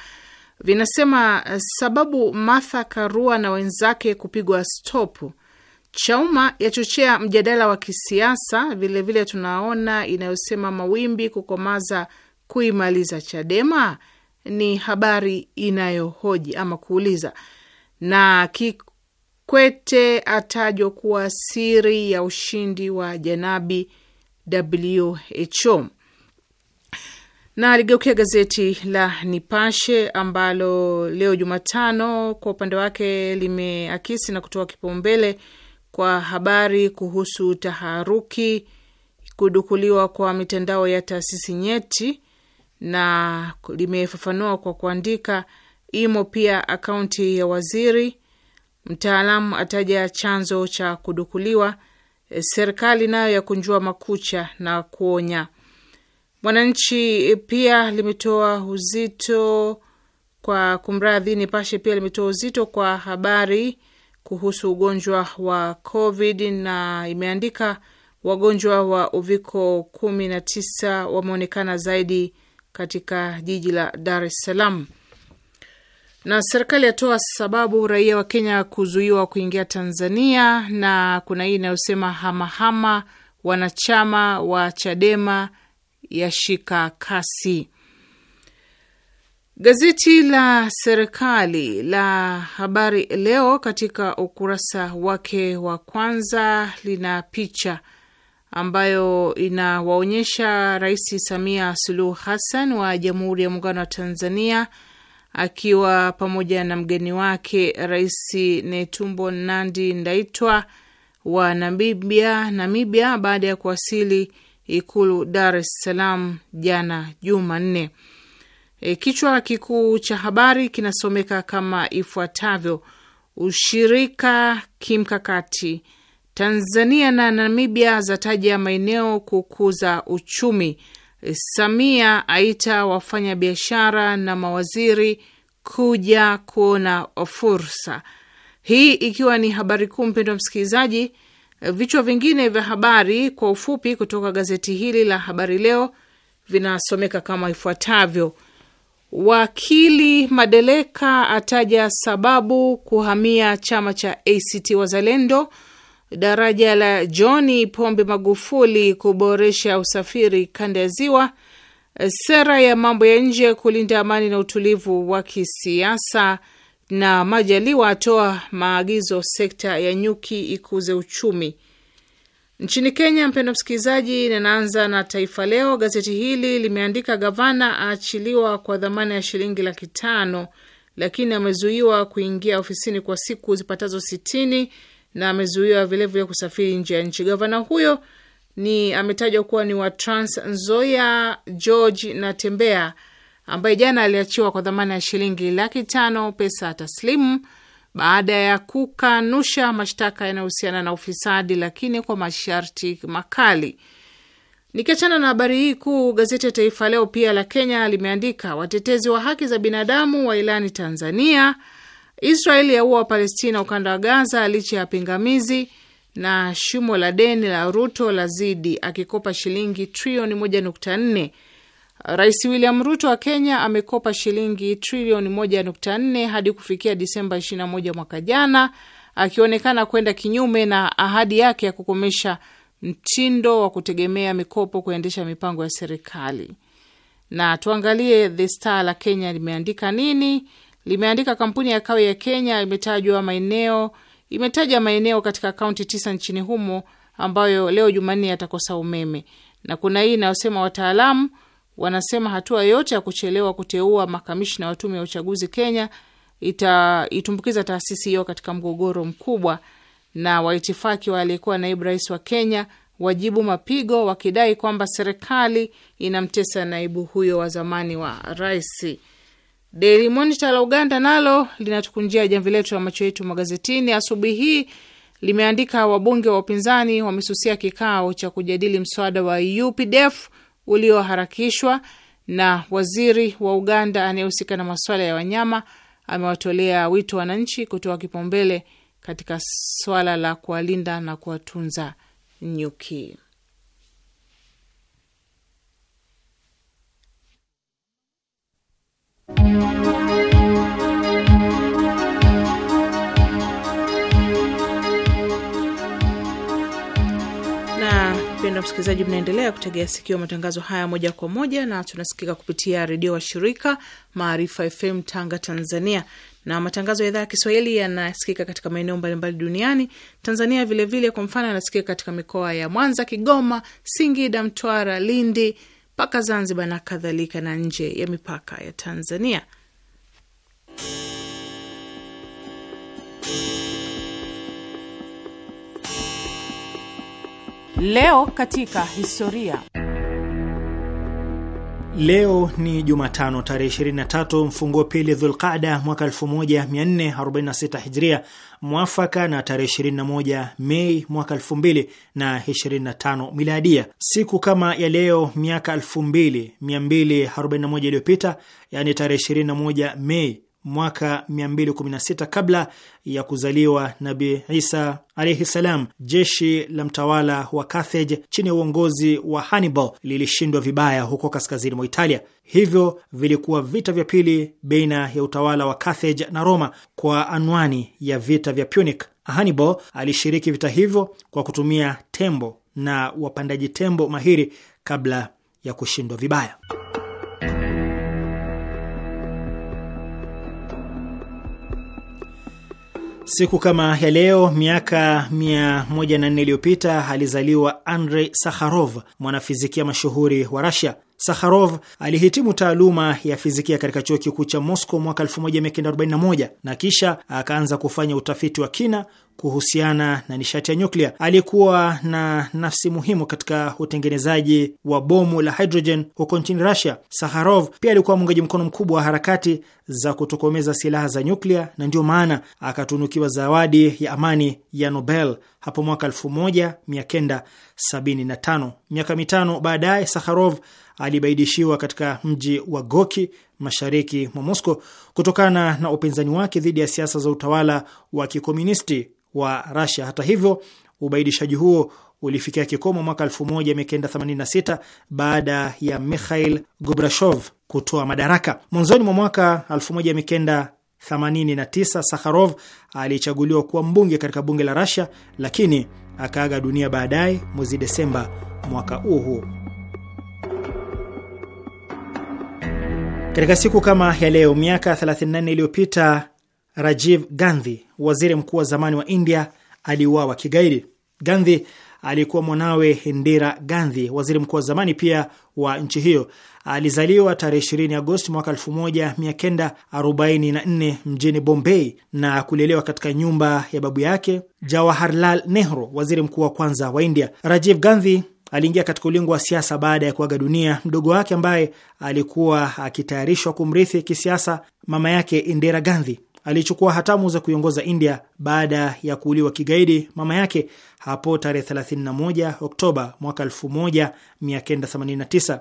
vinasema eh, sababu Martha Karua na wenzake kupigwa stopu. Chauma yachochea mjadala wa kisiasa vilevile. Vile tunaona inayosema mawimbi kukomaza kuimaliza Chadema ni habari inayohoji ama kuuliza, na Kikwete atajwa kuwa siri ya ushindi wa Janabi WHO na aligeukia gazeti la Nipashe ambalo leo Jumatano kwa upande wake limeakisi na kutoa kipaumbele kwa habari kuhusu taharuki kudukuliwa kwa mitandao ya taasisi nyeti, na limefafanua kwa kuandika, imo pia akaunti ya waziri, mtaalamu ataja chanzo cha kudukuliwa, serikali nayo ya kunjua makucha na kuonya Mwananchi pia limetoa uzito kwa kumradhi, Nipashe pia limetoa uzito kwa habari kuhusu ugonjwa wa COVID na imeandika wagonjwa wa uviko 19 wameonekana zaidi katika jiji la Dar es Salaam, na serikali yatoa sababu raia wa Kenya kuzuiwa kuingia Tanzania, na kuna hii inayosema hamahama wanachama wa Chadema yashika kasi. Gazeti la serikali la Habari Leo katika ukurasa wake wa kwanza lina picha ambayo inawaonyesha Rais Samia Suluhu Hassan wa Jamhuri ya Muungano wa Tanzania akiwa pamoja na mgeni wake Rais Netumbo Nandi Ndaitwa wa Namibia, Namibia baada ya kuwasili Ikulu Dar es Salaam jana Jumanne. E, kichwa kikuu cha habari kinasomeka kama ifuatavyo: ushirika kimkakati Tanzania na Namibia zataja maeneo kukuza uchumi. E, Samia aita wafanya biashara na mawaziri kuja kuona fursa. Hii ikiwa ni habari kuu, mpendwa msikilizaji, Eh, vichwa vingine vya habari kwa ufupi kutoka gazeti hili la Habari Leo vinasomeka kama ifuatavyo: Wakili Madeleka ataja sababu kuhamia chama cha ACT Wazalendo. Daraja la John Pombe Magufuli kuboresha usafiri kanda ya Ziwa. Eh, sera ya mambo ya nje kulinda amani na utulivu wa kisiasa na Majaliwa atoa maagizo sekta ya nyuki ikuze uchumi nchini Kenya. Mpendo msikilizaji, ninaanza na Taifa Leo. Gazeti hili limeandika gavana aachiliwa kwa dhamana ya shilingi laki tano lakini amezuiwa kuingia ofisini kwa siku zipatazo sitini na amezuiwa vilevile kusafiri nje ya nchi. Gavana huyo ni ametajwa kuwa ni wa Trans Nzoia George tembea ambaye jana aliachiwa kwa dhamana ya shilingi laki tano pesa taslimu baada ya kukanusha mashtaka yanayohusiana na ufisadi, lakini kwa masharti makali. Nikiachana na habari hii kuu, gazeti ya Taifa Leo pia la Kenya limeandika watetezi wa haki za binadamu wa ilani Tanzania, Israeli yaua Wapalestina ukanda wa Gaza licha ya pingamizi, na shumo la deni la Ruto lazidi akikopa shilingi trilioni 1.4 Rais William Ruto wa Kenya amekopa shilingi trilioni 1.4 hadi kufikia Disemba 21 mwaka jana, akionekana kwenda kinyume na ahadi yake ya kukomesha mtindo wa kutegemea mikopo kuendesha mipango ya serikali. Na tuangalie The Star la Kenya limeandika nini? Limeandika kampuni ya kawe ya Kenya imetajwa maeneo, imetaja maeneo katika kaunti tisa nchini humo ambayo leo Jumanne yatakosa umeme, na kuna hii inayosema wataalamu wanasema hatua yote ya kuchelewa kuteua makamishna wa tume ya uchaguzi Kenya itaitumbukiza taasisi hiyo katika mgogoro mkubwa, na waitifaki wa aliyekuwa naibu rais wa Kenya wajibu mapigo wakidai kwamba serikali inamtesa naibu huyo wa zamani wa rais. Daily Monitor la Uganda nalo linatukunjia jamvi letu la macho yetu magazetini asubuhi hii. Limeandika wabunge wa upinzani wamesusia kikao cha kujadili mswada wa UPDF ulioharakishwa na waziri wa Uganda anayehusika na masuala ya wanyama amewatolea wito wananchi kutoa kipaumbele katika swala la kuwalinda na kuwatunza nyuki. na msikilizaji, mnaendelea kutegea sikio matangazo haya moja kwa moja, na tunasikika kupitia redio wa shirika Maarifa FM Tanga, Tanzania, na matangazo ya idhaa ya Kiswahili yanasikika katika maeneo mbalimbali duniani. Tanzania vilevile, kwa mfano, yanasikika katika mikoa ya Mwanza, Kigoma, Singida, Mtwara, Lindi mpaka Zanzibar na kadhalika, na nje ya mipaka ya Tanzania. Leo katika historia. Leo ni Jumatano tarehe 23 mfunguo pili Dhulqada mwaka 1446 Hijria, mwafaka na tarehe 21 Mei mwaka 2025 Miladia. Siku kama ya leo miaka 2241 iliyopita, yani tarehe 21 Mei mwaka 216 kabla ya kuzaliwa Nabi Isa alaihi salam, jeshi la mtawala wa Carthage chini ya uongozi wa Hannibal lilishindwa vibaya huko kaskazini mwa Italia. Hivyo vilikuwa vita vya pili baina ya utawala wa Carthage na Roma kwa anwani ya vita vya Punic. Hannibal alishiriki vita hivyo kwa kutumia tembo na wapandaji tembo mahiri kabla ya kushindwa vibaya. Siku kama ya leo miaka 104 iliyopita alizaliwa Andrei Sakharov, mwanafizikia mashuhuri wa rasia Sakharov alihitimu taaluma ya fizikia katika chuo kikuu cha Moscow mwaka 1941 na kisha akaanza kufanya utafiti wa kina kuhusiana na nishati ya nyuklia. Alikuwa na nafsi muhimu katika utengenezaji wa bomu la hidrojen huko nchini Rusia. Sakharov pia alikuwa mwungaji mkono mkubwa wa harakati za kutokomeza silaha za nyuklia, na ndiyo maana akatunukiwa zawadi ya amani ya Nobel hapo mwaka 1975. Miaka mitano baadaye, Sakharov alibaidishiwa katika mji wa Goki mashariki mwa Moscow kutokana na upinzani wake dhidi ya siasa za utawala wa kikomunisti wa Russia. Hata hivyo, ubaidishaji huo ulifikia kikomo mwaka 1986 baada ya Mikhail Gorbachev kutoa madaraka. Mwanzoni mwa mwaka 19 89 Sakharov alichaguliwa kuwa mbunge katika bunge la Russia, lakini akaaga dunia baadaye mwezi Desemba mwaka huo huo. Katika siku kama ya leo miaka 34 iliyopita Rajiv Gandhi, waziri mkuu wa zamani wa India, aliuawa kigaidi. Gandhi alikuwa mwanawe Indira Gandhi, waziri mkuu wa zamani pia wa nchi hiyo. Alizaliwa tarehe 20 Agosti mwaka 1944 mjini Bombay na kulelewa katika nyumba ya babu yake Jawaharlal Nehru, waziri mkuu wa kwanza wa India. Rajiv Gandhi aliingia katika ulingo wa siasa baada ya kuaga dunia mdogo wake ambaye alikuwa akitayarishwa kumrithi kisiasa mama yake Indira Gandhi. Alichukua hatamu za kuiongoza India baada ya kuuliwa kigaidi mama yake hapo tarehe 31 Oktoba mwaka 1989.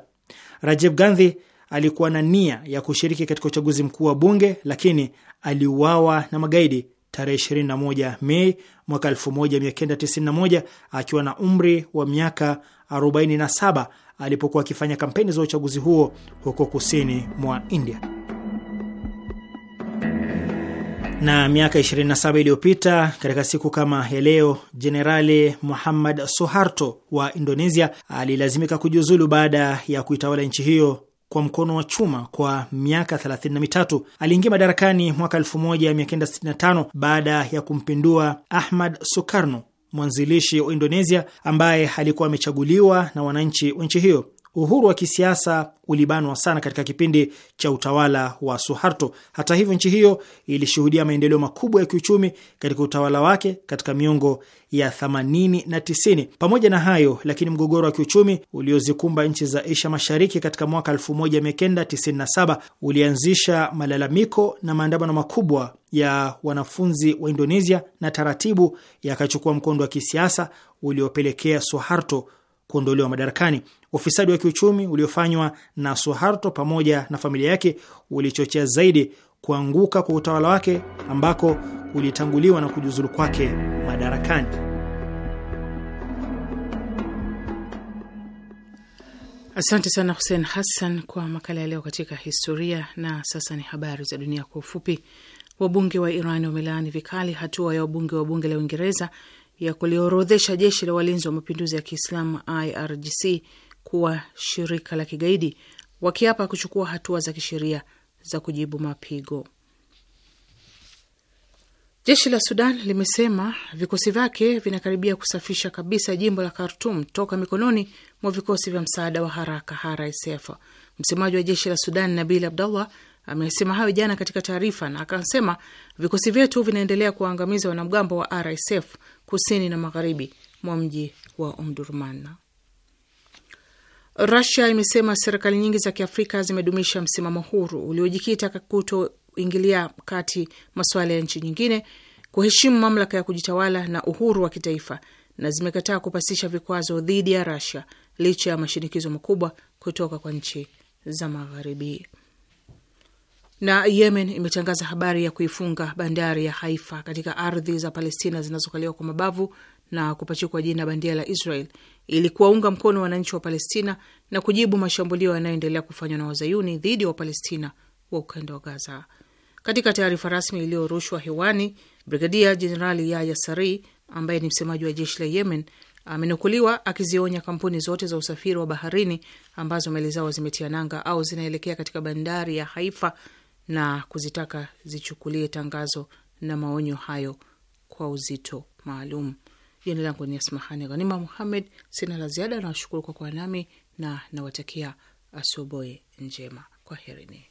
Rajiv Gandhi alikuwa na nia ya kushiriki katika uchaguzi mkuu wa bunge lakini aliuawa na magaidi tarehe 21 Mei mwaka 1991 akiwa na umri wa miaka 47 alipokuwa akifanya kampeni za uchaguzi huo huko kusini mwa India. Na miaka 27 iliyopita katika siku kama ya leo, Jenerali Muhammad soharto wa Indonesia alilazimika kujiuzulu baada ya kuitawala nchi hiyo kwa mkono wa chuma kwa miaka 33. Aliingia madarakani mwaka 1965 baada ya kumpindua Ahmad Sukarno, mwanzilishi wa Indonesia ambaye alikuwa amechaguliwa na wananchi wa nchi hiyo uhuru wa kisiasa ulibanwa sana katika kipindi cha utawala wa Suharto. Hata hivyo, nchi hiyo ilishuhudia maendeleo makubwa ya kiuchumi katika utawala wake katika miongo ya 80 na 90. Pamoja na hayo lakini, mgogoro wa kiuchumi uliozikumba nchi za Asia Mashariki katika mwaka 1997 ulianzisha malalamiko na maandamano makubwa ya wanafunzi wa Indonesia na taratibu yakachukua mkondo wa kisiasa uliopelekea Suharto kuondolewa madarakani. Ufisadi wa kiuchumi uliofanywa na Suharto pamoja na familia yake ulichochea zaidi kuanguka kwa utawala wake ambako ulitanguliwa na kujiuzulu kwake madarakani. Asante sana Hussein Hassan kwa makala ya leo katika historia. Na sasa ni habari za dunia kwa ufupi. Wabunge wa Iran wamelaani vikali hatua ya wabunge wa bunge la Uingereza ya kuliorodhesha jeshi la walinzi wa mapinduzi ya Kiislamu IRGC kuwa shirika la kigaidi, wakiapa kuchukua hatua za kisheria za kujibu mapigo. Jeshi la Sudan limesema vikosi vyake vinakaribia kusafisha kabisa jimbo la Khartum toka mikononi mwa vikosi vya msaada wa haraka RSF. Msemaji wa jeshi la Sudan Nabil abdallah Amesema hayo jana katika taarifa, na akasema vikosi vyetu vinaendelea kuwaangamiza wanamgambo wa RSF kusini na magharibi mwa mji wa Omdurman. Rusia imesema serikali nyingi za Kiafrika zimedumisha msimamo huru uliojikita kutoingilia kati masuala ya nchi nyingine, kuheshimu mamlaka ya kujitawala na uhuru wa kitaifa, na zimekataa kupasisha vikwazo dhidi ya Rusia licha ya mashinikizo makubwa kutoka kwa nchi za magharibi. Na Yemen imetangaza habari ya kuifunga bandari ya Haifa katika ardhi za Palestina zinazokaliwa kwa mabavu na kupachikwa jina bandia la Israel ili kuwaunga mkono wananchi wa Palestina na kujibu mashambulio yanayoendelea kufanywa na wazayuni dhidi ya Wapalestina wa ukanda wa Gaza. Katika taarifa rasmi iliyorushwa hewani, Brigadia Jenerali Yaya Sari ambaye ni msemaji wa jeshi la Yemen amenukuliwa akizionya kampuni zote za usafiri wa baharini ambazo meli zao zimetia nanga au zinaelekea katika bandari ya Haifa na kuzitaka zichukulie tangazo na maonyo hayo kwa uzito maalum. Jina langu ni Asmahani Ghanima Muhammed. Sina la ziada, nawashukuru kwa kuwa nami na nawatakia asubuhi njema. Kwa herini.